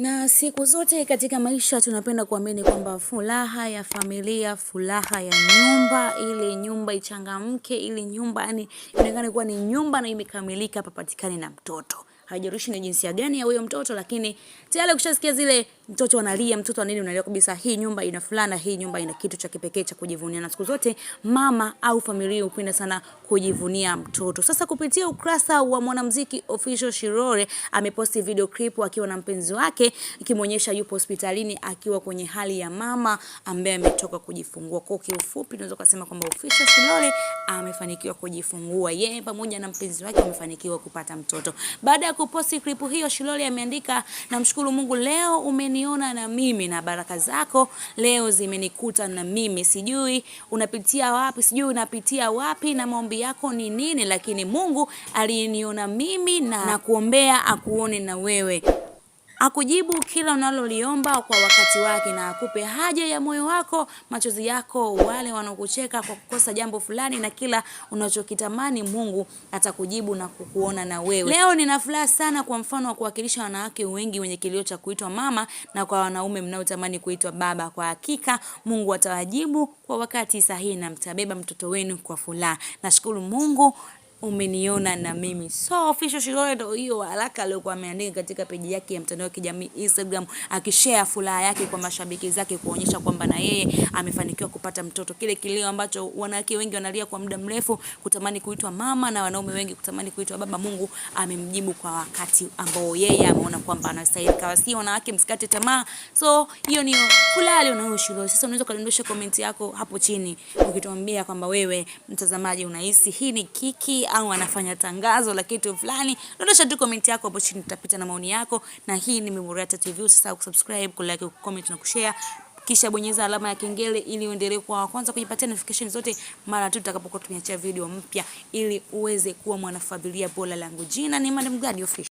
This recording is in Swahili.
Na siku zote katika maisha tunapenda kuamini kwamba furaha ya familia, furaha ya nyumba, ili nyumba ichangamke, ili nyumba yani inaonekana kuwa ni nyumba na imekamilika, papatikane na mtoto. Haijalishi ni jinsia gani ya huyo mtoto, lakini tayari ukishasikia zile mtoto analia, mtoto anini, unalia kabisa hii nyumba ina fulana, hii nyumba ina kitu cha kipekee cha kujivunia, na siku zote mama au familia hupenda sana kujivunia mtoto. Sasa kupitia ukurasa wa mwanamuziki official Shirore ameposti video clip akiwa na mpenzi wake ikimwonyesha yupo hospitalini akiwa kwenye hali ya mama ambaye ametoka kujifungua. Kwa kiufupi, tunaweza kusema kwamba official Shirore amefanikiwa kujifungua, yeye pamoja na mpenzi wake amefanikiwa kupata mtoto. Baada ya kuposti clip hiyo, Shirore ameandika, namshukuru Mungu leo umeni umeniona na mimi na baraka zako leo zimenikuta na mimi. Sijui unapitia wapi, sijui unapitia wapi na maombi yako ni nini, lakini Mungu aliniona mimi na, na kuombea akuone na wewe akujibu kila unaloliomba kwa wakati wake, na akupe haja ya moyo wako, machozi yako, wale wanaokucheka kwa kukosa jambo fulani, na kila unachokitamani Mungu atakujibu na kukuona na wewe. Leo nina furaha sana kwa mfano wa kuwakilisha wanawake wengi wenye kilio cha kuitwa mama na kwa wanaume mnaotamani kuitwa baba. Kwa hakika Mungu atawajibu kwa wakati sahihi na mtabeba mtoto wenu kwa furaha. Nashukuru Mungu umeniona na mimi. So official Shilole ndio hiyo haraka aliyokuwa ameandika katika peji yake ya mtandao wa kijamii Instagram, akishare furaha yake kwa mashabiki zake kuonyesha kwamba na yeye amefanikiwa kupata mtoto, kile kilio ambacho wanawake wengi wanalia kwa muda mrefu, kutamani kuitwa mama na wanaume wengi kutamani kuitwa baba. Mungu amemjibu kwa wakati ambao yeye ameona kwamba anastahili. Kwa Kawasi wanawake, msikate tamaa. So hiyo ni furaha aliyonayo Shilole. Sasa unaweza kudondosha komenti yako hapo chini ukituambia kwamba wewe mtazamaji unahisi hii ni kiki au anafanya tangazo la kitu fulani, dondosha tu comment yako hapo chini, tutapita na maoni yako. Na hii ni Memorata TV, usisahau kusubscribe, ku comment na kushare kisha bonyeza alama ya kengele ili uendelee kuwa wa kwanza kujipatia notification zote mara tu tutakapokuwa tumeachia video mpya, ili uweze kuwa mwanafamilia bora. Langu jina ni Madam Gadi Official.